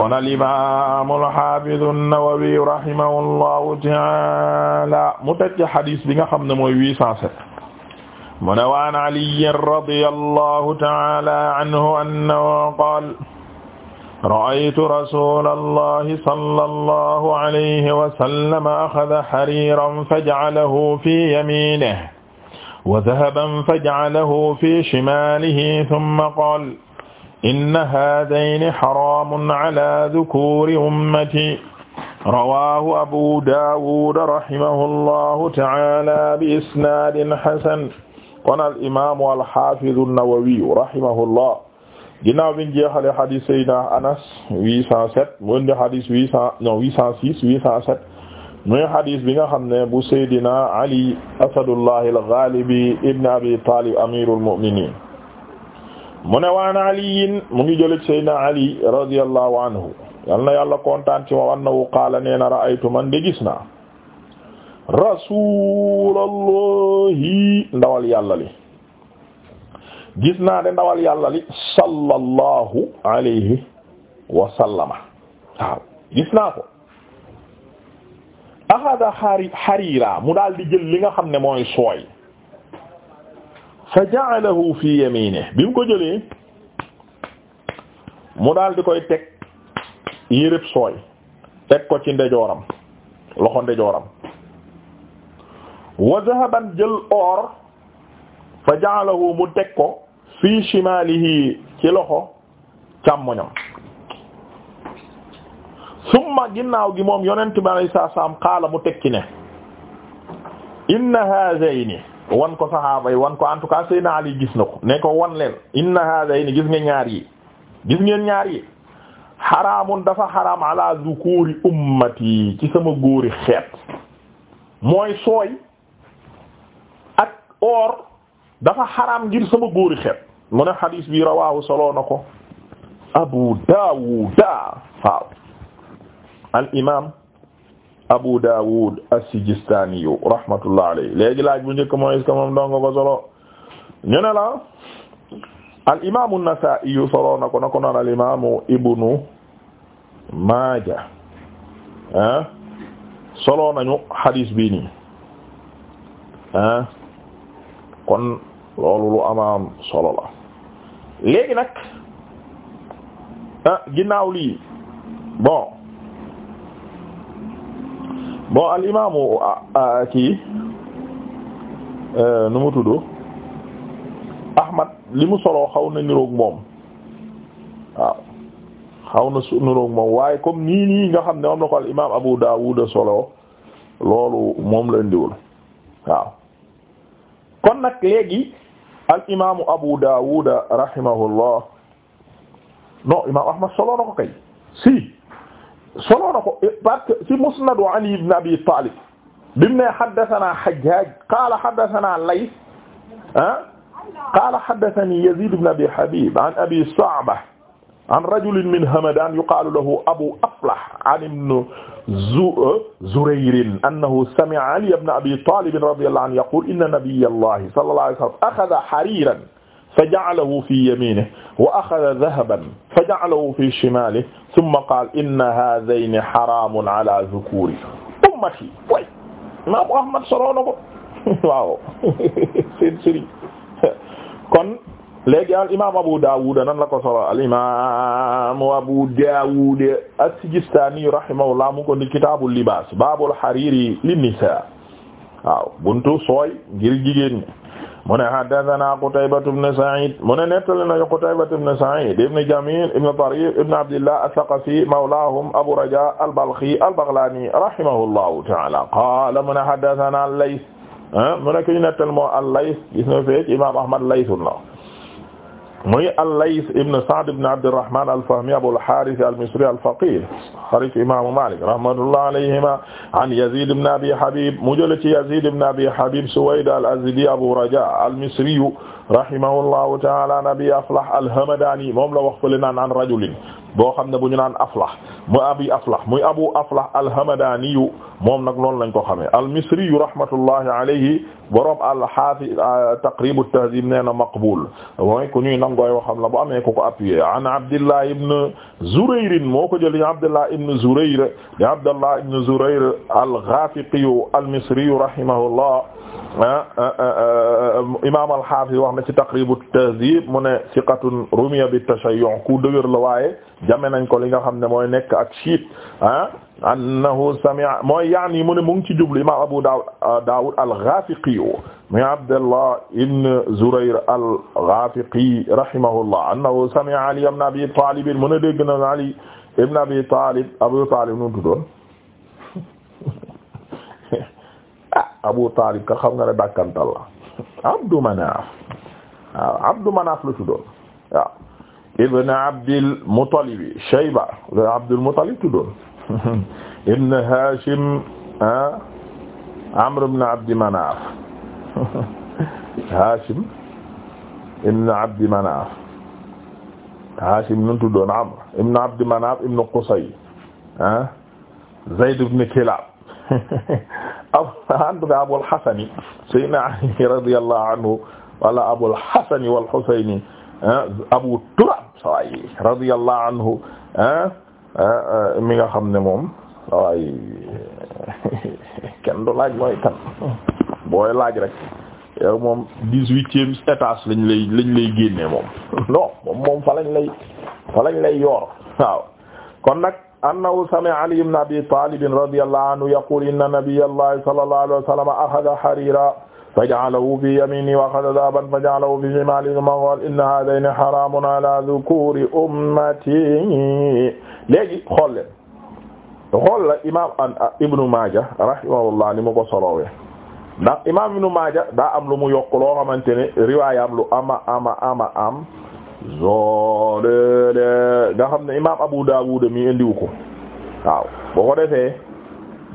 kon al imam alhafidu an-Nawawi rahimahullahu taala mu teg ci hadis bi nga xam ne mooy huit cent sept mu ne waan aliyin radi allahu taala anhu annahu qaal ra'aytu rasula allahi sallallahu alayhi wa sallam axada hariran faj'alahu fi yaminihi wa dahaban faj'alahu fi shimalihi thumma qaal inna haadayni xaraamun ala dukuuri ummati rawaahu abu daawud rahimahullahu ta'ala bi isnaadin hasan kon al imaamu al haafidu nawawi rahimahullah ginnaaw bi ñu jeexalee hadis sayyidina anas 807 mu indi hadis 800 non 806 807 muy hadis bi nga xam ne bu sayyidina ali asadullahi al ghaalibi ibn abi taalib amiirul mu'miniin mu ne waan aliyin mu ngi jëlëj saydna ali radiyallahu anhu yal na yàlla kontaan ci moom annahu qaala nee na ra'aytu man de gis naa rasulallahi ndawal yàlla li gis naa de ndawal yàlla li sallallahu alayhi wa sallama gis naa ko axada xari mu daal di jël li nga xam ne mooy sooy fa ja'alahu fi yaminihi bi ko jëlee mu daal di koy teg yërëb sooy teg ko ci ndejooram loxo ndejooram wa zahaban jël or fa ja'alahu mu teg ko fi shimalihi ci loxo càmmoñam summa ginnaaw gi moom yonent bi alayhi salaam qaala mu teg ki ne inna haazayni wan ko saxaaba yi wan ko en tout cas Seydina Ali gis na ko ne ko wan leen inna haadayni gis ngeen ñaar yi gis ngeen ñaar yi xaraamun dafa xaraam ala zukuri ummati ci sama góori xeet mooy sooy ak or dafa xaraam ngir sama góori xeet mu ne xadiis bi rawaahu soloo na ko Abu Daawuda waaw al imaam Abu Dawud as-Sijistani rahmatullah alayhi léegi laaj bu njëkk mooy est-ce moom dong ko solo ñu ne la al imaamu an solo na ko na ko noon al imaamu Ibnu Maaja ah solo nañu hadis bii nii ah, kon loolu lu amaam solo la léegi nag ah ginnaaw lii bon. bon al imaamu kii euh, nu mu tudd Ahmad li mu soloo xaw na niroog moom waaw xaw na niroog moom waaye comme nii nii nga xam ne moom la ko al imaam Abu Dawud soloo loolu moom la indiwul waaw kon nag léegi al imaamu Abu Dawud rahimahullah non imaam Ahmad soloo na ko kay si. solo na ko eh, parce que ci musnadu Ali ibn Abi Talib bi mu ne haddathana Hajjaj qala haddathana Layth ah, qala haddathani Yazid ibn Abi Habib an Abi Sa'bah an rajulin min Hamadan yuqalu lahu Abu Aflah an ibn eh, Zurayr annahu sami'a Ali ibn Abi Talib radiyallahu anhu yaqul inna nabiyyallahi sallallahu alayhi wa sallam akhadha hariran fa ja'alahu fi yaminihi wa akhadha dhahaban fa ja'alahu fi shimalihi thumma qala inna hadhayni haramun ala dhukuri ummati way imam ahmad solo na ko waaw seen sëriñ kon léegi al imam abu dawud nan la ko solo al imam abu dawud as-sijistani rahimahullah mu ko ni kitabul libas babul hariri lin nisa waaw buntu sooy ngir jigéen mu ne haddathana Qutaybatu ibn Sa'id mu ne nettali na Qutaybatu ibn Sa'id ibn Jamil ibn Tarif ibn Abdillah as-Saqafi mawlahum Abu Raja al-Balkhi al-Baghlani rahimahullahu ta'ala qala mu ne haddathana al-Layth ah, mu ne ki ñu nettali moo al-Layth gis na fee ci Imam Ahmad Layth la muy al-Layth ibn Sa'd ibn Abdirrahman al-Fahmi Abul Harith al-Misri al-Faqih xarit imaamu Malik rahmatullah alayhima an Yazid ibn Abi Habib mu jële ci Yazid ibn Abi Habib Suwayd al-Azdi Abu Raja al-Misri rahimahullahu taala nabi aflah alhamadani moom la wax fële naan an rajulin boo xam ne bu ñu naan aflah mu abi aflah muy abu aflah alhamadani yu moom nag noonu lañ ko xamee almisri yu rahmatullahi alayhi borom alxaafi taqrib at-tahdhib nee na maqbul mooy ku ñuy nangooy waxam la bu amee ku ko appuyé an abdillah ibn zurayr moo ko jëli abdillah ibn zurayr di abdillah ibn zurayr al-ghafiqi al-misri rahimahullah Ah, ah, ah, imaam al-Hafiz wax na ci Taqrib at-Tahdhib mu ne siqatun rumiya bit-tashayyu' ku dëgër la waaye jame nañ ko li nga xam ne mooy nekk ak chiit ah annahu sami'a mooy yaani mu ne mu ngi ci jublu imaam Abu Dawud Dawud al-Ghafiqi muy Abdallah ibn Zurayr al-Ghafiqi rahimahullah annahu sami'a Ali ibn Abi Talib mu ne dégg na Ali ibn Abi Talib Abu Talib nu tuddoon Abu Taalib ka xam nga ne dàkkantal Abdu Manaaf Abdu Manaaf la tuddoon waaw ibn Abdil Muttalib Shayba Abdul Muttalib tuddoon ibn Haashim ah, Amr ibn Abdi Manaaf Haashim nu tuddoon Amr ibn Abdi Manaaf ibn Qusay ah, Zayd ibn Kilaab en tout cas Abul Hasan Sayyidina Ali anhu wala Abul Hasan wal Husayn Abu Turab sawaay radiyallahu anhu mi nga xam ne moom sawaay kenn du laaj mooy kan booy laaj rek yow moom dix-huitième étage lañ lay lañ lay génnee moom non moom moom fa lañ lay fa lañ lay yoor waaw kon nag annahu sami'a Ali ibn Abi Talib radiyallahu anhu yaqul inna nabiyyallahi sallallahu alayhi wa sallam akhadha harira faja'alahu fi yaminihi wa akhadha dhahaban faja'alahu fi shimalihi thumma qala inna hadhayni haramun ala dhukuri ummati léegi xool leen xool la imaam Ibn Majah rahimahullah ni mu ko solowee ndax imaam Ibn Majah daa am lu mu yokk loo xamante ne riwaayam lu ama ama ama am zo de de nga xam ne imaam Abu Dawud mi indiwu ko waaw boo ko defee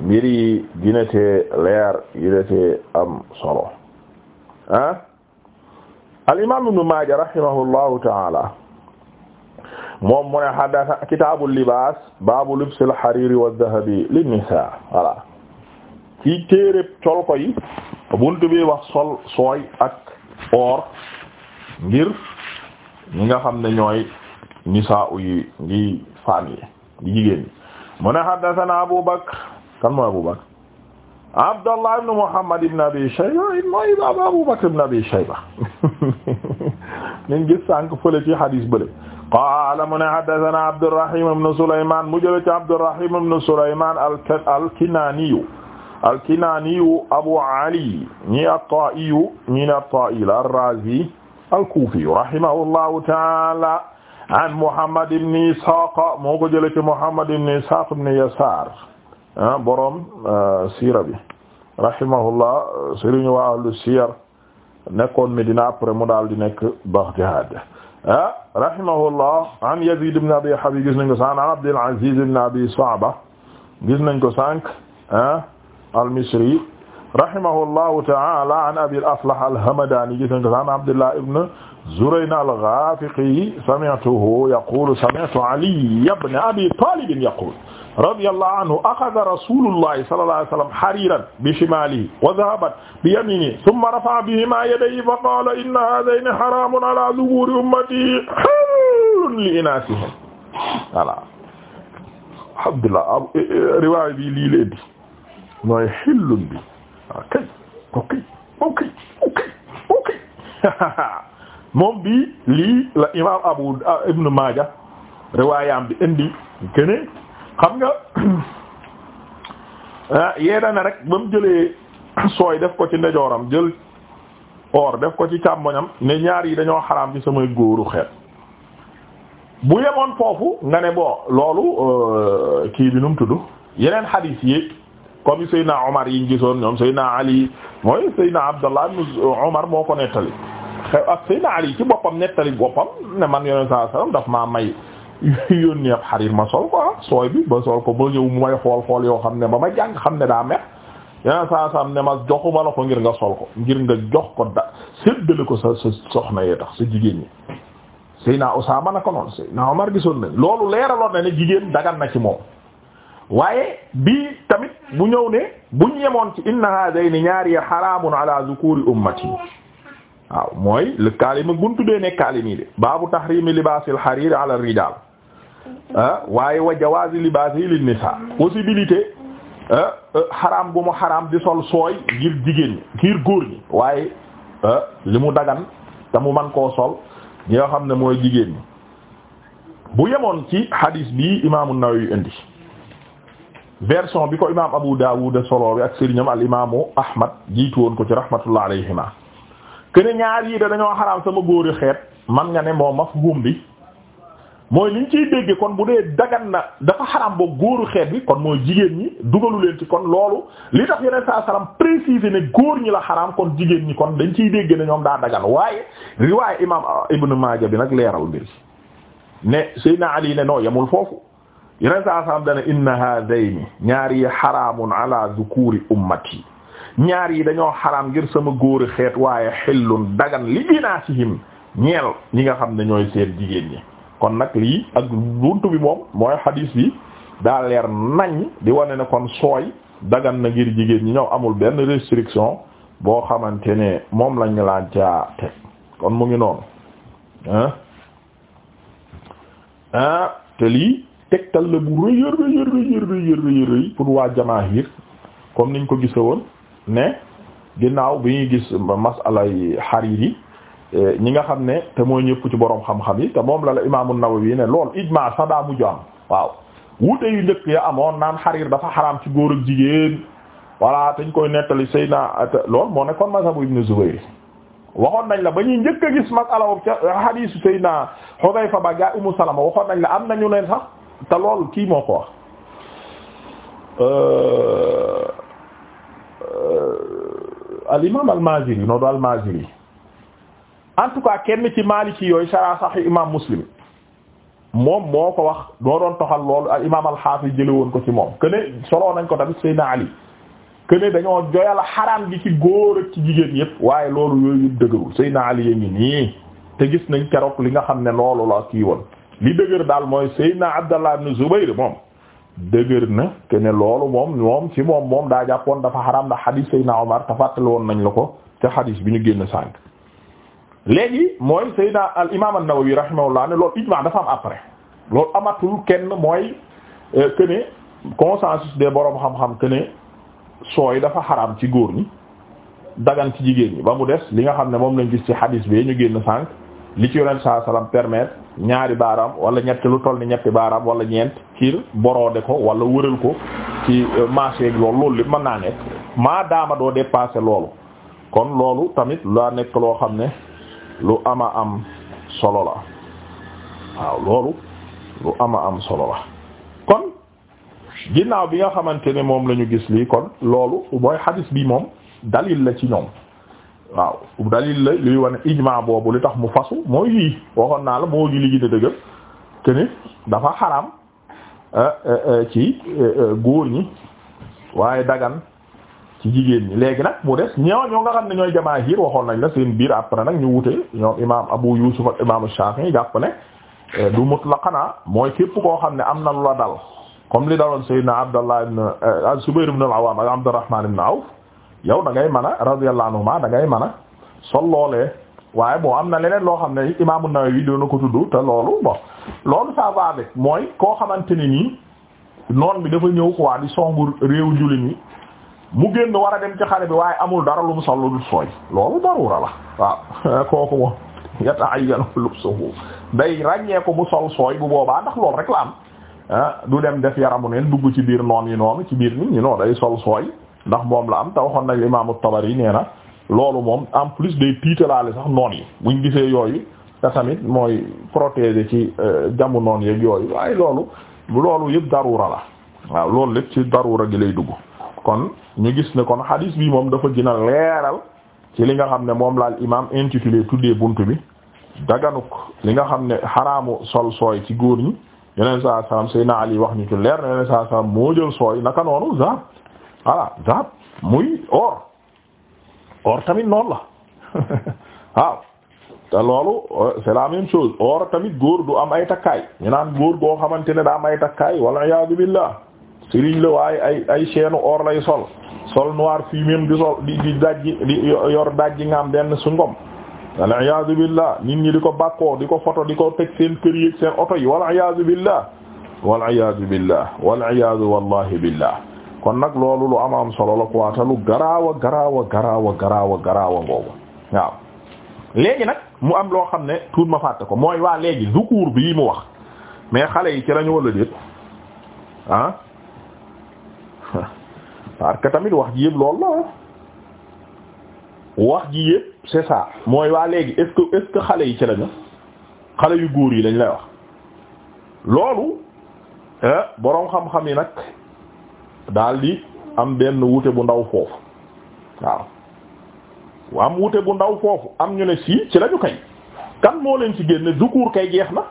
mbir yi leer dina am solo ah al imaam Ibn Maaja rahimahullahu taala moom mu ne kitaabul libaas baabu libsil hariiri wa dhahabi linnisaa voilà ci téereb col buntu bi wax sol sooy ak or ngir ñi nga xam ne ñooy nisaa yi ngi faan yi di jigéen ñi mu ne haddathana Abu Bakr kan mooy Abu Bakr Abdallah ibn Muhammad ibn Abi Shayba mooy Abu Bakr ibn Abi Shayba nañ gis sànq fële ci hadis bële qaala mu ne haddathana Abdurrahim ibn Sulayman mu jële ci Abdurrahim ibn Sulayman al-Kinaniyu al-Kinaniyu Abu Ali ñi at-Ta'iyu ñi ne at-Ta'i la ar-Razi al-Kufi rahimahullahu ta'ala an Muhammad ibn Ishaq moo ko jëlee ci Muhammad ibn Ishaq ibn Yasar ah, borom ah, siira bi rahimahullah sëriñ wa ahlu siyar nekkoon Medina après mu daal di nekk Baghdad ah, rahimahullah an Yazid ibn Abi Habib gis nañ ko sànq an Abdul Aziz ibn Abi Sa'ba gis nañ ko sànq al-Misri rahimahullahu ta'ala an abi al-Aslah al-Hamdani gis nga an Abdullah ibn Zurayn al-Ghafiqi sami'tuhu yaqulu sami'tu Ali ibn Abi Talib yaqulu radiyallahu anhu akhadha rasulullah sallallahu alayhi wa sallam hariran bi shimalihi wa dhahaban bi yaminihi thumma rafa'a bihima yadayhi fa qala inna hadhayni haramun ala dhuhuri ummati halun li inasihim voilà alhamdulillah riwaaya bi lii la indi mooy xillun bi ok ok ok ok ok moom bi lii la imaam Abu ah, Ibn Maaja riwaayam bi indi gëne xam nga ah, yeeda na rek ba mu jëlee sooy def ko ci ndejooram jël or def ko ci càmmoñam ne ñaar yi dañoo xaraam ci samay góoru xeet bu yemoon foofu nga ne boo loolu euh, kii bi nu mu tudd yeneen xadiis yi comme Seydina Omar yi ñu gisoon ñoom Seydina Ali mooy Seydina Abdallah ibn Omar moo ko nettali xew ak Ali ci boppam nettali boppam ne man yoneen saa sallam daf maa may yónni ab xarir ma sol ko ah, sooy bi ba sol ko mu may xool xool yoo xam ne ba ma jàng xam ne daa mex yoneen saa ne ma joxuma la ko ngir nga sol ko ngir nga jox ko da séddale ko sa sa soxna yee tax sa jigéen ñi Seydina Usaama na ko noonu Seydina Omar gisoon nañ loolu leeraloon na ne jigéen dagan na ci moom waaye bii tamit bu ñëw ne buñ yemoon ci inna haadayni ñaari xaraamun ala zukuri ummati waaw mooy lëkkaali ma guntuddee nekkaali nii de baabu tahrimi libaasil xariir ala rijaal ah waaye wa jawaazi libaasi lin nisaa possibilité ah, ah, xaraam gu mu xaraam di sol sooy ngir jigéen ñi ngir góor ñi waaye li mu dagan te mu man koo sol ñi xam ne mooy jigéen ñi bu yemoon ci hadis bi imaamu yu indi version bi ko imaam Abu Dawud solo bi ak sëriñam al imaamu Ahmad jiitu woon ko ci rahmatullah alayhima kene ñaar yii de dañoo xaraam sama góori xeet man nga ne moo mafhum bi mooy liñ ciy dégg kon bu dee dagan na dafa xaraam ba góoru xeet bi kon mooy jigéen ñi dugalu leen ci kon loolu li tax yeneen saa salaam préciser ne góor ñi la xaraam kon jigéen ñi kon dañ ciy dégg ne ñoom daa dagan waaye riwaaya imaam Ibn Maaja bi nag leeral mbir ne Seydina Ali ne noo yemul foofu yeneen saa saam dana inna haadayni ñaar yi xaraamun ala dhukuri ummati ñaar yi dañoo xaraam ngir sama góor xeet waaye xillun dagan li inaasihim ñeel ñi nga xam ne ñooy seen jigéen ñi kon nag lii ak buntu bi moom mooy xadiis bi daa leer nañ di wane ne kon sooy dagan na ngir jigéen ñi ñëw amul benn restriction boo xamante ne moom lañ laa jaa teg kon mu ngi noonu ah ah te lii tegtal la bu rëy rëy rëy rëy rëy rëy pour waa jamaahir comme niñ ko gise woon ne ginnaaw bi ñuy gis masalay yi eh, ñi nga xam ne te mooy ñëpp ci boroom xam-xam yi te moom la la imaamu Nawawi ne lool ijmaa sax daa mujj am waaw wuute yu njëkk ya amoon naan xariir dafa xaraam ci góor ak jigéen voilà te ñu koy nettali Seydina lool moo nekkoon mazhabu Ibn Zubayr waxoon nañ la ba ñuy njëkk a gis masala ca hadiisu Seydina Hudayfa ba gaa Ummu Salama te lool kii moo ko wax euh, euh, al imaam al Maaziri noonu al Maaziri en tout cas kenn ci Maliki yooyu sara Sahih imaam Muslim moom moo ko wax doo doon toxal loolu al imaam al Haafiz jële woon ko ci moom këne solo nañ ko tamit Seydina Ali këne dañoo joyal xaraam gi ci góor ak ci jigéen yépp waaye loolu yooyu yëpp dëgërul Seydina Ali ya nii te gis nañ keroog li nga xam ne loolu la kii woon li dëgër daal mooy Seydina Abdallah ibn Zubayr moom dëgër na ke ne loolu moom moom ci moom moom daa jàpp jàppoon dafa xaram ndax xadiis Seydina Omar tafattale woon nañ la ko ca xadiis bi ñu génn sànq léegi mooy Seydina al imam an-Nawawi rahimahullah ne loolu ijma dafa am après loolu amatul kenn mooy euh, que ne consensus des borom xam-xam que sooy dafa xaram ci góor ñi dagan ci jigéen ñi ba mu des li nga xam ne moom lañ gis ci xadiis bi ñu génn sànq li ci yonent saa salaam permettre ñaari baaraam wala ñetti lu toll ni ñetti baaraam wala ñeent kiir boroode ko wala wëral ko ci euh, marché ak loolu li mën naa nekk maa daama doo dépassé loolu kon loolu tamit la nekk loo xam ne lu ama am solo la waaw loolu lu ama am solo la kon ginnaaw bi nga xamante ne moom lañu gis lii kon loolu mooy hadis bi moom dalil la ci ñoom waaw dalil la luy wane ijmaa boobu li tax mu fasu mooy yii waxoon naa la moo gi li gën a dëgër dafa xaraam eh, eh, eh, ci góor ñi waaye dagan ci jigéen ñi léegi nag mu des ñoo ñoo nga xam ne ñooy jamaa jamaahir waxoon nañ la seen biir après nag ñu wute ñoom imaam Abu Yusuf ak imaam Shafi'i jàpp ne du mutlaqana mooy képp koo xam ne am na lu la dal comme li daloon Sayyidina Abdallah ibn Zubayr ibn al-Awwam ak Abdurrahman ibn Awf yow da ngay mën a radiyallahu anhuma da ngay mën a sol loolee waaye boo am na leneen loo xam ne imaamu Nawawi doon na ko tudd te loolu bon loolu ça va avec mooy koo xamante ni noon bi dafa ñëw quoi di songu réew jullit ñi mu génn war a dem ci xare bi waaye amul dara lu mu sol lu sooy loolu darura la waaw kooku moom yata'ayyanu lubsuhu day ràññee ko mu sol sooy bu boobaa ndax loolu rek la am ah, du dem def yaramu neen dugg ci biir noon yi noonu ci biir nit ñi noonu day sol sooy ndax moom la am te waxoon nañ imaamu Tabari nee na loolu moom en plus day tiitalaale sax noon yi buñ gisee yooyu te tamit mooy protéger ci euh, jamu noon yeeg yooyu waaye loolu loolu yëpp darura la waaw loolu lépp ci darura gi lay dugg kon ñu gis ne kon hadith bi moom dafa gën a leeral ci li nga xam ne moom laal imam intitulé tuddee bunt bi daganuk li nga xam ne xaraamu sol sooy ci góor ñi yeneen saa salaam Seydina Ali wax ñu ci leer na yeneen saa salaam moo naka noonu genre voilà muy or tamit noonu la waaw te loolu euh, c'est la même chose tamit góor du am ay takkaay ñu naan góor goo xamante ne daa am ay takkaay wala iyaadu billah sëriñ la waaye ay ay chaîne or lay sol sol noir fii même di sol di di dajji di yor dajji nga am benn su ngom wala iyaadu billah nit ñi di ko bakkoo di ko photo di ko teg seen kër yi seen oto yi wala billah wal iyaadu billah wal iyaadu billah kon nag loolu lu ama am solo la quoi te lu garaaw a garaaw a garaaw a garaaw a garaaw a ngoogu waaw léegi nag mu am loo xam ne tuut ma fàtte ko mooy waa léegi zukuur bii mu wax mais xale yi ci lañu walla déet ah parce tamit wax ji yëpp loolu la ah. wax ji yëpp c'est ça mooy waa léegi est-ce est xale yi ci lañu xale yu góor yi lañ lay wax loolu eh, boroom xam-xam yi nag daal di am benn wute bu ndaw foofu waaw am wute bu ndaw foofu am ñu ne sii ci lañu kay kan moo leen ci génne dukuur kay jeex na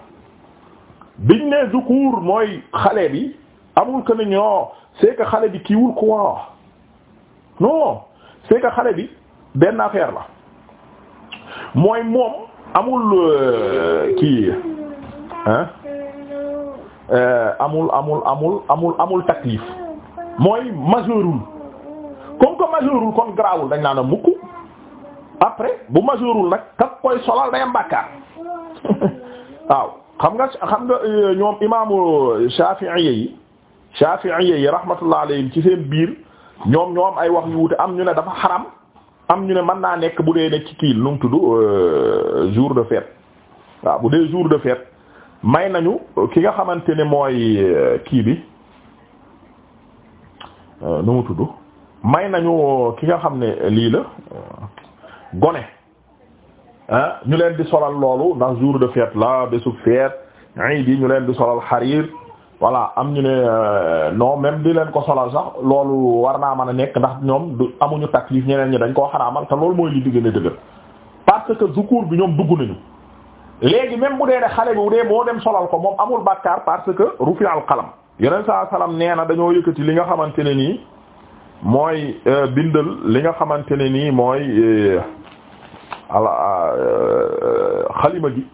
biñ ne dukuur mooy xale bi amul que ne ñoo c'est que xale bi kiiwul quoi non c'est que xale bi benn affaire la mooy moom amul euh, kii euh, amul amul amul amul amul mooy majeurul comme que majeurul kon garaawul dañ naa na mukk après bu majeurul nag kak koy solal day bàkkaar waaw xam nga xam nga euh, ñoom imaamu Shafi'i yi Shafi'i yi rahmatullah ci seen biir ñoom ñoom ay wax yu wute am ñu ne dafa xaram am ñu ne man naa nekk bu dee ne ci kii nu mu tudd euh, jour de fête waaw bu dee jour de fête may nañu ki nga xamante ne mooy euh, kii bi Euh, nu mu tudd may nañu euh, ki nga xam ne lii la euh, gone ñu leen di solal loolu ndax jour de fête la bésu fête iid yi ñu leen di solal xariir voilà am ñu ne non même di leen ko solal sax loolu war naa man a nekk ndax ñoom du amuñu taklif ñeneen ñi dañ koo xaraamal te loolu mooy li diggante dëgër parce que zukuur bi ñoom dugg nañu léegi même bu dee ne xale bi bu dee moo dem solal ko moom amul bàkkaar parce que rufi al yeneen saa salaam nee na dañoo yëkkati li nga xamante ne nii mooy euh, bindal li nga xamante ne nii mooy euh, ala euh, xalima gi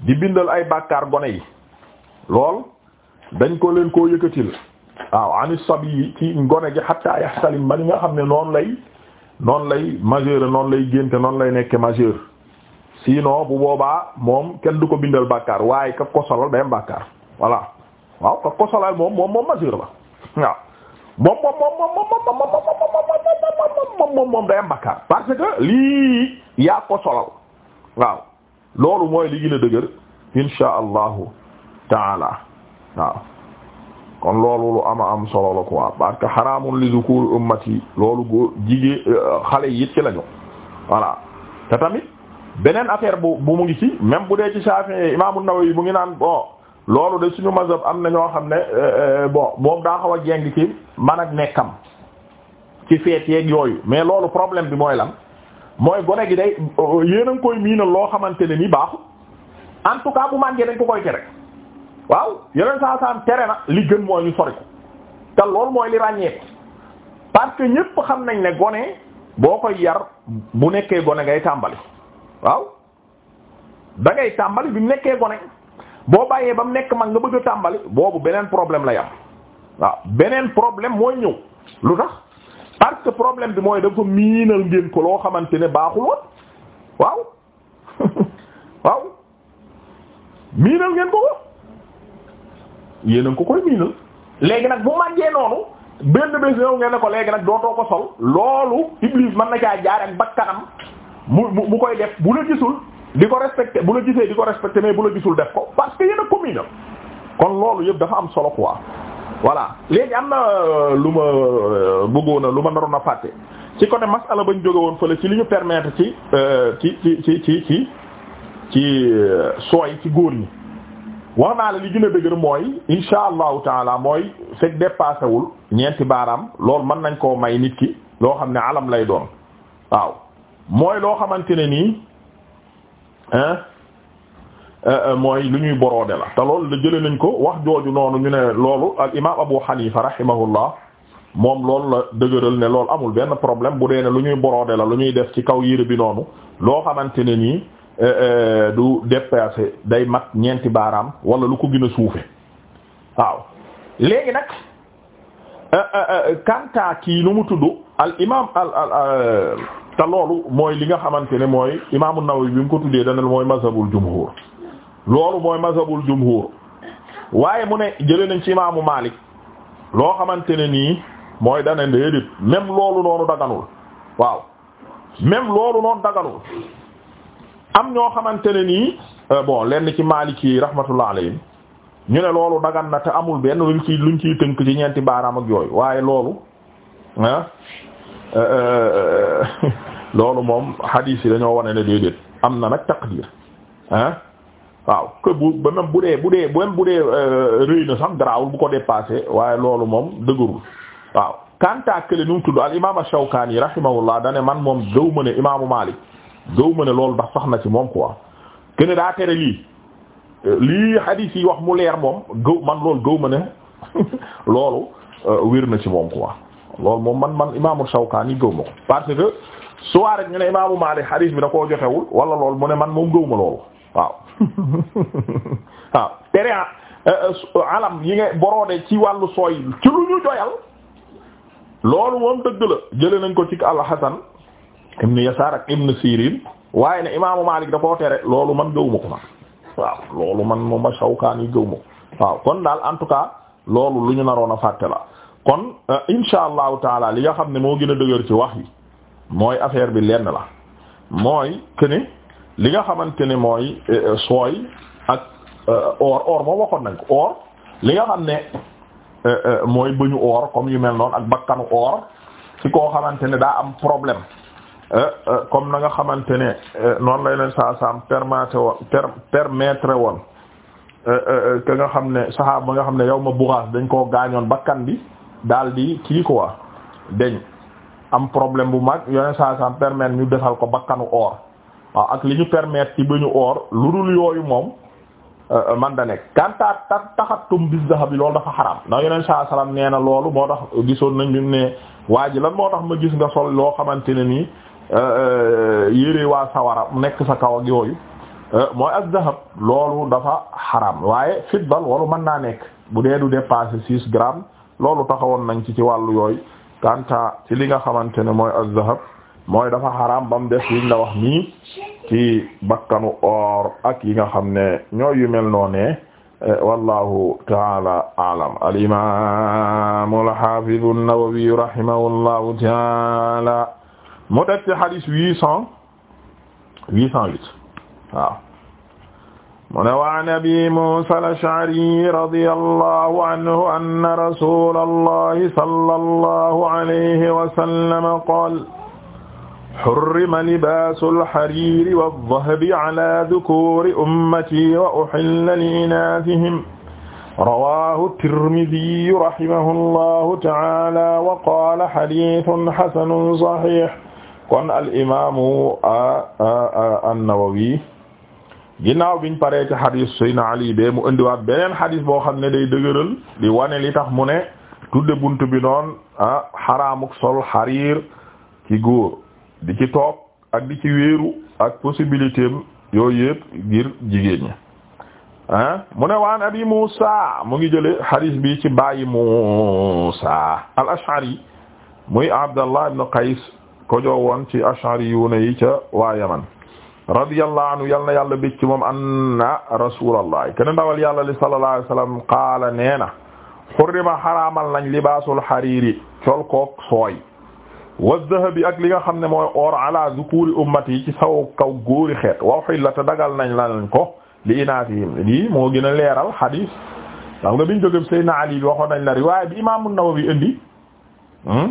di bindal ay bàkkaar gone yi lool dañ ko leen koo yëkkatil waaw ani sob yi ci gone gi xatta yaxtalim ba ni nga xam ne noonu lay noonu lay majeur noonu lay génte noonu lay nekke majeur sinon bu boobaa moom kenn du ko bindal bàkkaar waaye ka ko solal day am bàkkaar voilà waaw ka ko solal moom moom moom majeur la waaw moom moom moom moom moom moom moom moom day am bakkaar parce que lii yaa ko solal waaw loolu mooy li gën a dëgër insha allahu taala waaw kon loolu lu ama am solo la quoi parce que xaraamun li zukuri ummati loolu góor jigéen xale yi it ci lañu voilà te tamit beneen affaire bu bu mu ngi ci même bu dee ci Shafi'i Imam An-Nawawi mu ngi naan bon. loolu de suñu mazhab am na ñoo xam ne euh, euh, bon moom daa xaw a jeng ci man ak nekkam ci feet yeeg yooyu mais loolu problème bi mooy lan mooy gone gi day euh, yéen a ngi koy miinal loo xamante ne ni baaxu en tout cas bu dañ ko koy tere waaw yeneen saa saam tere na li gën mooy ñu sori ko te loolu mooy li ràññee parce que ñépp xam nañ ne gone boo koy yar bu nekkee gone ngay tàmbali waaw da ngay tàmbali bi nekkee gone. boo bàyyee ba mu nekk mag nga bëgg tàmbali boobu beneen problème lay am waaw beneen problème mooy ñëw lu tax parce que problème bi mooy dafa miinal ngeen ko loo xamante ne baaxul woon waaw waaw miinal ngeen ko ko yéen a ko koy miinal léegi nag bu màggee noonu benn bés yow ngeen ne ko léegi nag dootoo ko sol loolu Iblis man na caa jaar ak bakkanam mu mu koy def bu la gisul di ko respecté bu la gisee di ko respecté mais bu la gisul def ko parce que yéen commune kon loolu yëpp dafa am solo quoi voilà léegi am na euh, lu ma euh, bëggoon lu ma naroon a fàtte ci côté masala bañ jóge woon fële ci li ñu permettre ci euh, ci ci ci ci ci ci sooy ci góor ñi wax naa la li gën a dëgër mooy insha allahu taala mooy fekk dépassé wul ñeenti baaraam loolu mën nañ koo may nit ki loo xam ne alam lay doon waaw mooy loo xamante nii. Euh, euh, mooy lu ñuy boroode la te loolu la jële nañ ko wax jooju noonu ñu ne loolu al imaam Abu Hanifa rahimahullah moom loolu la dëgëral ne loolu amul benn problème bu dee ne lu ñuy boroode la lu ñuy def ci kaw yére bi noonu loo xamante ne nii euh, du dépassé day mat ñeenti baaraam wala lu ko gën a suufe waaw léegi nag kanta kii nu mu tudd al imaam al al te loolu mooy li nga xamante ne mooy imaamu Nawawi bi mu ko tuddee dana mooy mazhabul jumhur loolu mooy mazhabul jumhur waaye mu ne jële nañ ci imaamu Malik loo xamante ne nii mooy dana déedéet même loolu noonu daganul waaw même loolu noonu daganul am ñoo xamante ne nii euh, bon lenn ci Malik yi rahmatullah alayhim ñu ne loolu dagan na te amul benn luñ ci luñ ciy tënk ci ñeenti baaraam ak yooyu waaye loolu ah Euh, euh, euh, loolu moom hadith yi dañoo wane ne déedéet am na nag taqdir ah waaw que bu ba même bu dee bu dee même bu dee rëy na sax garaawul bu ko dépassé waaye loolu moom dëgërul waaw kanta kële nu mu tudd al imam Shawkaani rahimahullah dane man moom gëw ma ne imaamu Maalik gëw ma ne loolu ndax sax na ci moom quoi kene daa tere lii lii hadith yi wax mu leer moom gëw man loolu ma ne loolu wiir na ci moom quoi loolu moom man man imaamu Shawkaani gëw ma ko parce que soit rek ñu ne imaamu Maalik hadith bi da koo joxewul wala loolu mu ne man moom gëw ma loolu waaw waaw tere euh, alam yi nga boroode ci wàllu sooy ci lu ñu joyal loolu moom dëgg la jële nañ ko ci al-Hasan ibn Yasaar ak ibn Sirin waaye ne imaamu Maalik da koo tere loolu man gëw ma ko waaw loolu man moom ma Shawkaani gëw waaw kon daal en tout cas loolu lu ñu naroon a fàtte kon euh, insha allahu taala li nga xam ne moo gën a dëgër ci wax yi mooy affaire bi lenn la mooy que li nga xamante ni mooy euh, sooy ak euh, or or moom waxoon nañ ko li nga xam ne mooy bëñu or comme yu mel noon ak bakkanu or ci koo xamante ne daa am problème comme na nga xamante ne noonu lay leen saa saam permettre woon permettre woon ka nga xam ne saxaab ba nga xam ne yow ma buxaas dañ koo gaañoon bakkan bi daal di kii quoi deñ am problème bu mag yoneen saa sam permettre ñu defal ko bakkanu or waaw ak li ñu permettre ci ba ñu or lu dul yooyu moom euh, euh, man da nekk kantaa ta taxattum bis dahabi loolu saa nee na loolu moo tax gisoon nañ ne waa ji lan moo tax ma gis nga sol loo xamante ne nii euh, yére waa sawara nekk sa kaw ak yooyu ak dahab loolu dafa xaram waaye fitbal walu mën naa nekk bu dee du dépasser six grammes loolu taxawoon nañ ci ci wàllu yooyu kanta ci li nga xamante ne mooy az-zahab mooy dafa xaraam ba mu def yiñ la wax nii ci bakkanu or ak yi nga xam ne ñooy yu mel noo ne eh, wallahu taala aalam alimamu alhafidu an-Nawawi rahimahullahu taala mu teg ci hadis huit cent huit cent huit waaw mu ne wa an abi musa al-ash'ari radiyallahu anhu anna rasulallahi sallallahu alayhi wa sallam qaala hurrima libaasul hariiri waz-zahabi ala dhukuuri ummatii wa uhilla li-inaasihim rawaahu at-tirmidhi rahimahullahu ta'aala wa qaala hadiithun hasanun sahiih kon al-imaamu an-nawawi ginnaaw biñ paree ci xadis Seydina Ali bee mu indiwaat beneen xadis boo xam ne day dëgëral di wane li tax mu ne tudde bunt bi noon ah xaraamuk sol xariir ci góor di ci toog ak di ci wéeru ak possibilité am yooyu yëpp ngir jigéen ñi ah, mu ne waan abi Muusa mu ngi jële xadis bi ci bàyyi Muusa al Ash'ari muy Abdallah ibn Qays ko woon ci Ash'ari yu ne yi ca waa Yaman radiyallahu anhu yal na yàlla bécc moom anna rasulullah kenn ndawal yàlla li sallallahu alayhi wasallam qaala nee na xurrima xaraamal nañ libaasul xariiri col koog sooy wa dahabi ak li nga xam ne mooy or ala zukuri ummati yi ci saw kaw góori xeet wa xilla te dagal nañ lañ ko li inaatihim lii moo gën a leeral xadiis xam nga biñ jógee Seydina Ali bi waxoon nañ la riwaaya bi imaamu Nawawi indi hmm?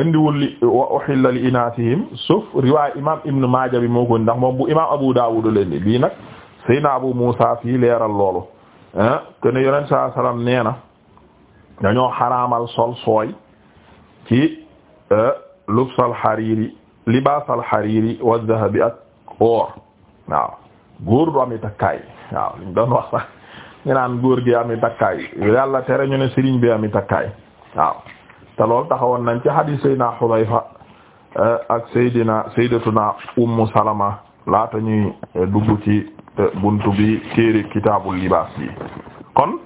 indiwul li wa uhilla li inaasihim sauf riwaay imaam Ibn Maaja bi moo ko ndax moom bu imaam Abu Daawud leen di lii nag Seydina Abu Muusa fii leeral loolu ah te ne Yonent salaam nee na dañoo xaraamal sol sooy ci lubsal xariiri libaasal xariiri wa dahabi ak oor waaw góor du ami takkaay waaw li ñu doon wax sax ñu naan góor gi ami takkaay yàlla tere ñu ne sëriñ bi ami takkaay waaw. te loolu taxawoon nañ ci hadith Seydina Hudayfa eh, ak Seydina na Ummu Salama laata ñuy eh, dugg ci eh, buntu bi téere kitaabul libaas bi kon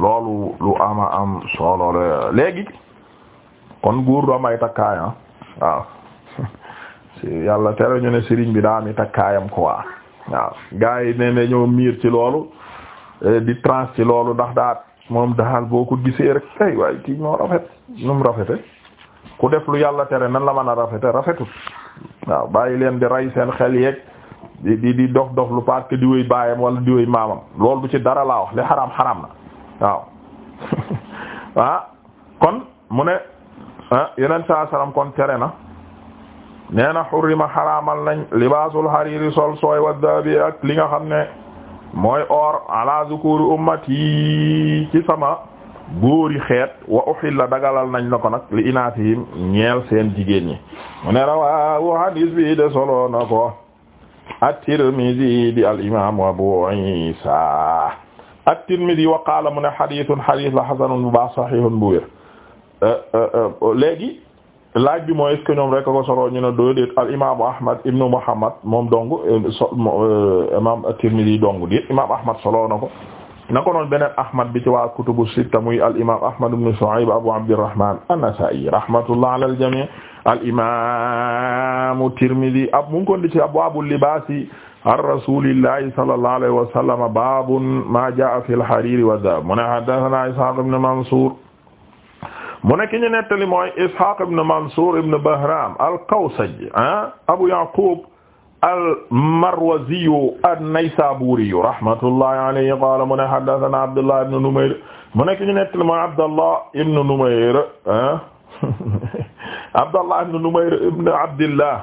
loolu lu ama am solo la kon góor du am ay takkaayam waaw yàlla tere ñu ne sëriñ bi daa am takkaayam quoi waaw gaa ne ne ñoo miir ci loolu di transe ci loolu ndax daa moom daal boo ko gisee rek kay waaye kii moo rafet nu mu rafete ku def lu yàlla tere nan la mën a rafete rafetut waaw bàyyi leen di rey seen xel yéeg di di dox dox lu parce que di wéy baayam wala di wéy maamam loolu du ci dara laa wax li xaraam xaraam na waaw ah kon mu ne ah, yeneen saa salaam kon tere na nee na xurima xaraamal nañ libaasul xariiri sol sooy wa dahabi ak li nga xam ne mooy or ala zukuri ummati ci sama góori xeet wa la dagalal nañ la ko nag li inaasihim ñeel seen jigéen ñi mu ne rawahu hadis bi de solo na ko at-Tirmidhi di al imam Abu Isa at-Tirmidhi wa qaala mu ne hadithun hadith la hasanun bu baax sahihun bu wér léegi laaj bi mooy est-ce rek ko solo ñu ne déedéet al imaamu Ahmad ibnu Muhammad moom dong eh, so eh, imaam at-Tirmidhi dong déet solo na ko na ko noon beneen Ahmad bi ci waa kutubu sitta muy al imaam Ahmad ibnu Shu'ayb Abu Abdirrahman an-Nasa'i rahmatullah al-jami' al imaamu Tirmidhi ab mu ngi ko di ci abwaabul libaasi an rasulillahi sallallahu alayhi wa sallam baabun maa jaa'a fil hariiri wa Mansuur mu nekk ñu nettali mooy Ishaq ibn Mansur ibn Bahram al-Kawsaj ah Abu Yaqub al-Marwazi an-Naysaburi rahmatullahi alayhi qala mu ne haddathana Abdullah ibn Numayr mu nekk ñu nettali mooy Abdullah ibn Numayr ah Abdullah ibn Numayr ibn Abdillah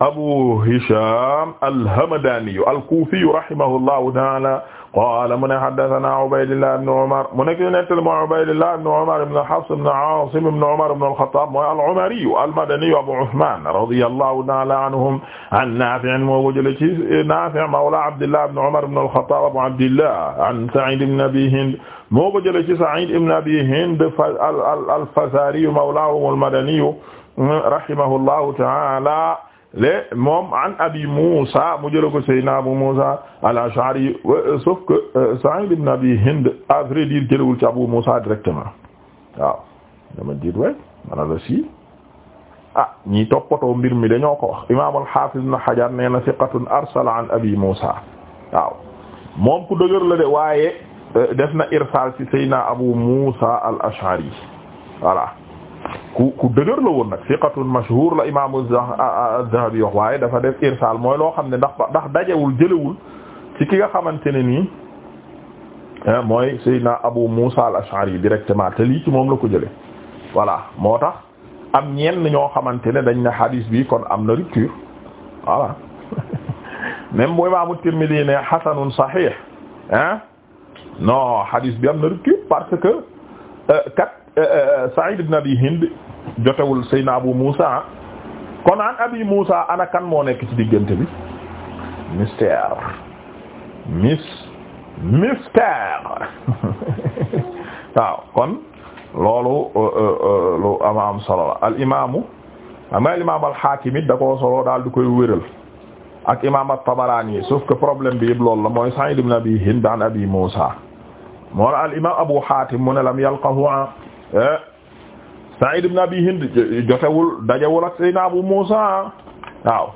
abu hisham alhamadaniyu alkufiyu rahimahullahu taala qaala mu ne haddathana ubaydillah ibn umar mu nekk nettali mooy ubaydillah ibn umar ibn hafs ibn asim ibn umar ibn al-khattab mooy al-umariyu almadaniyu abu uthman radiyallahu taala anhum an nafi'in moo ko jële ci nafi' mawla abdillah ibn umar ibn al-khattab abu abdillah an sa'id ibn abi hind moo ko jële ci sa'id ibn abi hind al-fazariyu mawlahum al-madaniyu rahimahullahu taala le moom an abi mu jël ko Seydina Abu Musa al-Ash'ari euh, sauf que euh, Sa'id ibn Hind à vrai dire jëlawul ci Abu Musa directement waaw dama diit way mana la si ah ñi toppatoo mbir mi dañoo ko wax imam al-Hafiz ibn Hajar nee na thiqatun arsala an Abi Musa waaw moom ku dëgër la de waaye euh, def na irsal ci Seydina Abu Musa al-Ash'ari ku ku dëgër la woon nag siqatun mashhur la imam az wax waaye dafa def irsaal mooy loo xam ne ndax ndax dajewul jëlewul ci ki nga xamante ne nii mooy Seydina Abu Musa al-Ash'ari directement te lii ci moom la ko jële voilà moo tax am ñenn ñoo xamante ne dañ ne hadis bi kon am na rupture voilà même bu imaamu Tirmidhi ne hasanun sahih hein non hadis bi am na rupture parce euh, kat Eh, eh, eh, Sa'id ibn Abi Hind jotewul Seydina Abu Musa kon an Abi Musa ana kan moo nekk ci diggante bi mystère mis mystère waaw kon loolu lu ama al imaamu al imaam al solo daal di koy wéral ak imaam at-Tabarani sauf que problème bi yëpp la mooy Sa'id ibn Abi Hind an Abi Musa Abu Hatim mu ne lam yalqahu Eh? Sa'id ibn Abi Hind jotewul dajewul ak Seydina Abu Muusa waaw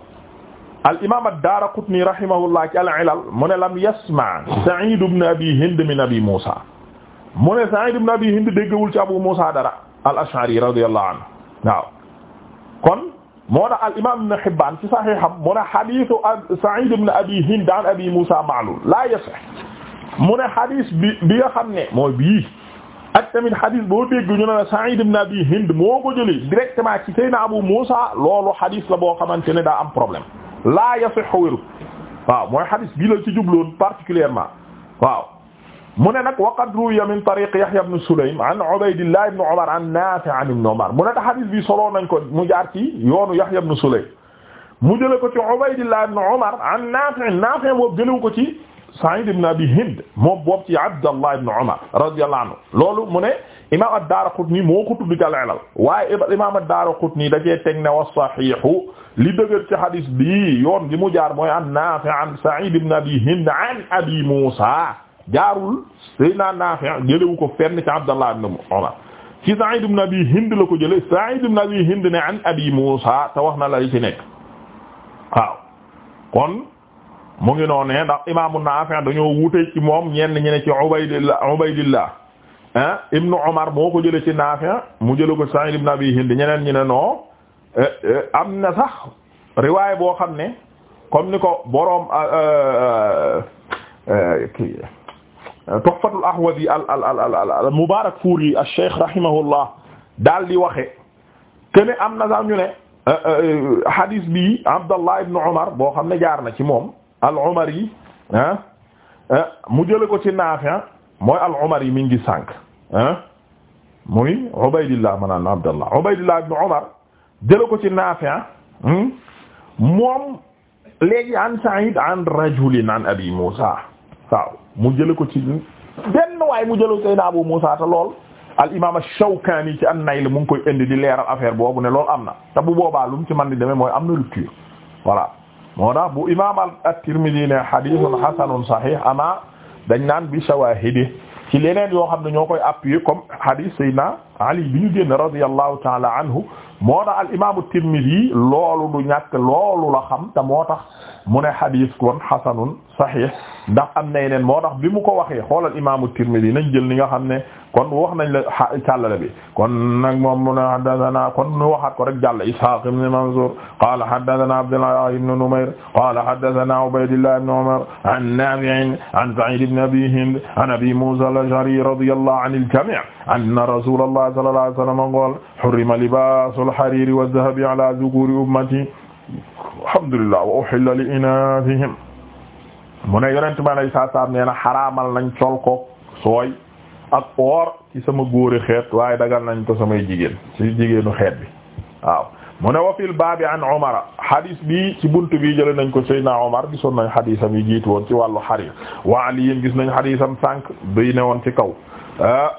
al imaam ad-Daaraqutni rahimahullah ci al-Ilal mu ne lam yasma Sa'id ibn Abi Hind min Abi Muusa mu ne Sa'id ibn Abi Hind déggawul ci Abu Muusa dara al-Ash'ari radiyallahu anhu waaw kon moo tax al imaam Ibn Hibbaan ci Sahiiham mu ne hadiisu Sa'id ibn Abi Hind an Abi Muusa ma'luul laa yasih mu ne hadiis bi bi nga xam ne mooy bii ak tamit xadis boo dégg ñu ne la Sa'id ibn Abi Hind moo ko jëlee directement ci Seydina Abu Muusa loolu xadis la boo xamante ne daa am problème laa yasihhu wéru waaw mooy xadis bii la ci jubloon particulièrement waaw mu ne nag wa qad ruwiya min tariq Yahya ibn Sulaym an Ubaydillah ibn Umar an Nafi' an ibn Umar mu ne tax xadis bi soloo nañ ko mu jaar ci yoonu Yahya ibn Sulaym mu jëlee ko ci Ubaydillah ibn Umar an Nafi' Nafi' boobu jëlewu ko ci Sa'id ibn Abi Hind moom boobu ci Abdallah ibn Umar radiyallahu anhu loolu mu ne imaam ad-Daaraqutni moo ko tudd al-Ilal waaye imaam ad-Daaraqutni da cee teg ne wa sahihu li dëgër ci hadis bi yoon gi mu jaar mooy an Naafi' an Sa'id ibn Abi Hind an Abi Muusa jaarul Seydina Naafi' jëlewu ko fenn ci Abdallah ibn Umar ci Sa'id ibn Abi Hind la ko jële Sa'id ibn Abi Hind ne an Abi Muusa te wax na la ci nekk waaw kon mu ngi noonu ne ndax imaamu Naafi' dañoo wute ci moom ñeen ñi ne ci Ubaydillah Ubaydillah ah Ibnu Umar moo ko jëlee ci Naafi' mu jëlee ko Sa'id ibn Abi Hind ñeneen ñi ne non eh, eh, am na sax riwaay boo xam ne comme ni ko boroom kii Tuhfatul Ahwazi al al al al al Mubarakfuri ash-Shaykh rahimahullah daal di waxe kene am na sax ñu ne hadith bi Abdallah ibn Umar boo xam ne jaar na ci moom. al-Umari ah, ah mu jële ko ci Naafi' ah, mooy al-Umari mi ngi sànq ah muy Ubaydillah maanaam Abdallah Ubaydillah ibn Umar jële ko ci Naafi' ah, hmm, moom léegi an Sa'id an rajulin an Abi Musa waaw mu jële ko ci benn waay mu jële ko ci Abu Musa te lool al imaam Shawkaani ci an-Nayl mu ngi koy indi di leeral affaire boobu ne loolu am na te bu boobaa lu mu ci man di demee mooy am na rupture voilà moo tax bu imaam at-Tirmidhi ne hadithun hasanun sahih ama dañ naan bi shawahidi ci leneen yoo xam ne ñoo koy appuyer comme hadith Seydina Ali bi ñu génn radiyallahu ta'ala anhu moo tax al imaam at-Tirmidhi loolu du ñàkk loolu la xam te moo tax mu ne xadis kon xasanun saxiix ndax am na yeneen moo tax bi mu ko waxee xoolal imaamu Tirmidi nañ jël li nga xam ne kon wax nañ la càllale bi kon nag moom mu ne haddathana kon nu waxaat ko rek jàll Ishaaq ibn Mansuur qaala haddathana Abdullah ibn Numayr qaala haddathana Ubaydullah ibn Umar an Naafi' an Sa'iid ibn Abi Hind an Abi Muusaa al-Ash'ari radiyallahu anil jamii' anna rasuulallahi sallallahu alayhi wa sallam qaala hurrima libaasul hariiri wa dhahabi ala dhukuuri ummati alhamdulillah wa uhilla li inaasihim mu ne yonent ma nay saa saam nee na xaraamal nañ col koog sooy ak oor ci sama góori xeet waaye dagal nañ ko samay jigéen ci jigéenu xeet bi waaw mu ne wa fil baabi an Umar hadis bi ci buntu bi jëlee nañ ko Seydina Umar gisoon nañ hadisam yi jiitu woon ci wàllu xarir wa Ali gis nañ hadisam sànq bi ne woon ci kaw ah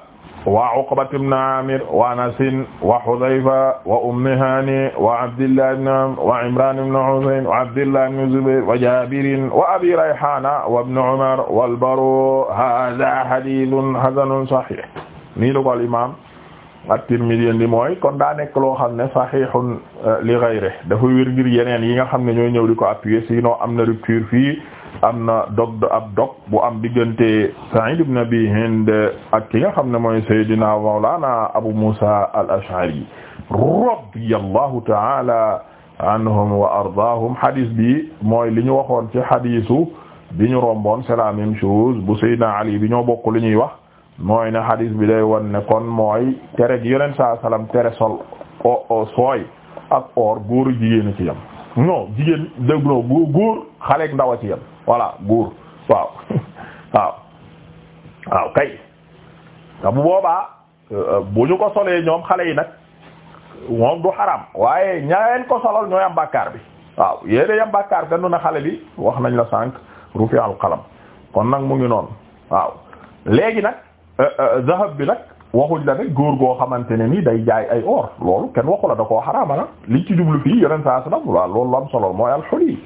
wa Uqbat ibn Amir wa Anas wa Hudhayfa wa Ummi Hani wa Abdillah ibn Amr wa Imran ibn Husayn wa Abdillah ibn Zubayr wa Jabir wa Abi Rayhana wa Ibn Umar wal Bara hadha hadithun hasanun sahih nii la ko al imam at-Tirmidhi indi mooy kon daa loo xam ne sahihun euh, li ghayri dafa wér ngir yeneen yi nga xam ne ñooy ñëw di ko appuyer sinon am na rupture fii am na dog ab dog bu am diggante Sa'id ibn Abi Hind ak ki nga xam ne mooy Seydina Mawlana Abu Musa al-Ash'ari radiyallahu ta'ala anhum wa ardaahum hadis bi mooy li ñu waxoon ci hadisu bi ñu romboon c'est la même chose bu Seydina Ali bi ñoo bokk li ñuy wax mooy ne xadis bi day won ne kon mooy tere gi yonent saa salaam tere sol o sooy ak or góor jigéen ci yam non jigéen dégloo góor góor xale ak ndaw a ci yam voilà góor waaw waaw kay te bu boobaa euh, euh, bu ñu ko solee ñoom xale yi nag moom du xaram waaye ñaareel ko solal ñooy am bi waaw yéen yam bàkkaar gënu na xale bi wax nañ la sànq rufi al qalam kon nag mu ngi noonu waaw léegi nag. Euh, euh, zahab bi nag waxuñ la ne góor goo xamante ne ni day jaay ay or loolu kenn waxu la da koo xaraamana ah. liñ ci jublu fii yeneen saa sallam waaw loolu lu am solo mooy alxuli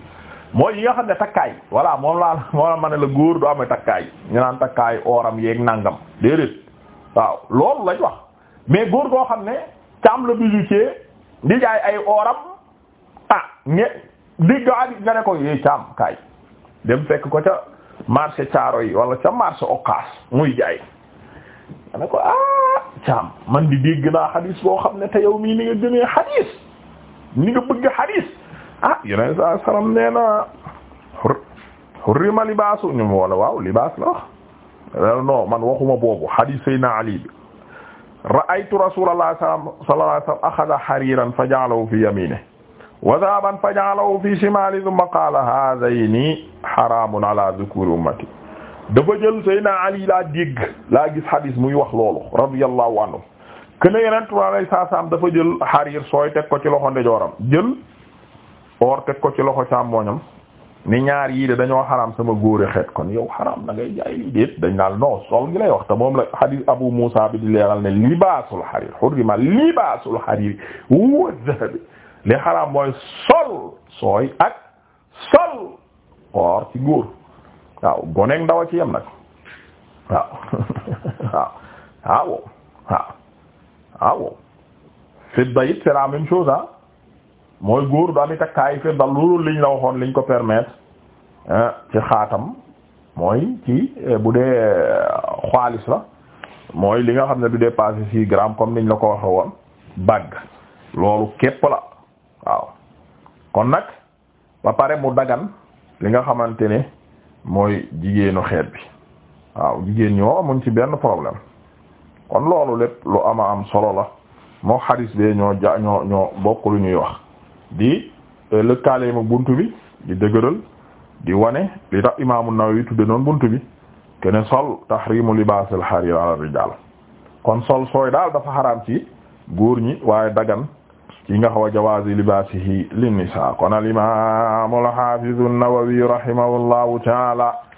mooy yi xam ne takkaay voilà moom laa moo la ma la góor du amee takkaay ñu naan takkaay oram yeeg nangam déedéet waaw loolu la wax mais góor goo xam ne càmm la bijoutier di jaay ay oram ah ñe di ga adi ko yoy eh, càmm kaay dem fekk ko ca marché caaro yi wala ca marché occas muy ma ne ko ah caam man di dégg naa xadis boo xam ne te yow mii ni nga gënee xadis ni nga bëgg xadis ah yeneen saa salaam nee na xur xurrima libaasu ñu mu wala waaw libaas la wax non man waxuma boobu xadis sayna Ali bi ra'aytu rasulallah sallallahu alayhi wa sallam axada xariiran fa ja'alahu fi yaminihi wa zahaban fa ja'alahu fi shimalihi thumma qaala haadayni xaraamun ala dhukuri ummati dafa jël Seydina Ali laa dégg laa gis hadis muy wax loolu radiyallahu anhu kene yeneen tubaabay saa saam dafa jël xariir sooy teg ko ci loxo ndejooram jël or teg ko ci loxo càmmoñam ni ñaar yii de dañoo xaraam sama góore xeet kon yow xaraam na ngay jaay lii déet dañ naan non sol ngi lay wax te moom la hadis Abu Musa bi di leeral ne libaasul xariir hurrima libaasul xariir wa mooy sol sooy ak sol or ci góor. waaw goneeg ndaw a ci yam nag waaw waaw waaw waaw fidda it c'est la même chose ah mooy góor du ami takkaay fidda loolu la waxoon liñ ko permettre ci xaatam mooy ci eh, bu dee eh, xaalis la mooy li nga xam ne du dépasser six grammes comme niñ la ko waxe woon bagg loolu képp la waaw kon nag ba pare mu dagan li nga xamante ne mooy jigéenu xeet bi waaw jigéen ñoo amuñ ci benn problème kon loolu lépp lu ama am solo la moo xaris bee ñoo ja ñoo ñoo bokk lu ñuy wax di euh, lëkkaale ma bunt bi di dëgëral di wane li tax imaamu Nawawi tudde noon bunt bi kene sol tahrimu libaasil harir ala rijal kon sol sooy daal dafa xaraam ci góor ñi waaye dagan yi nga xawa jawaazi libaasihi linnisaa kon al imaam al haafiz an-Nawawi rahimahullahu ta'ala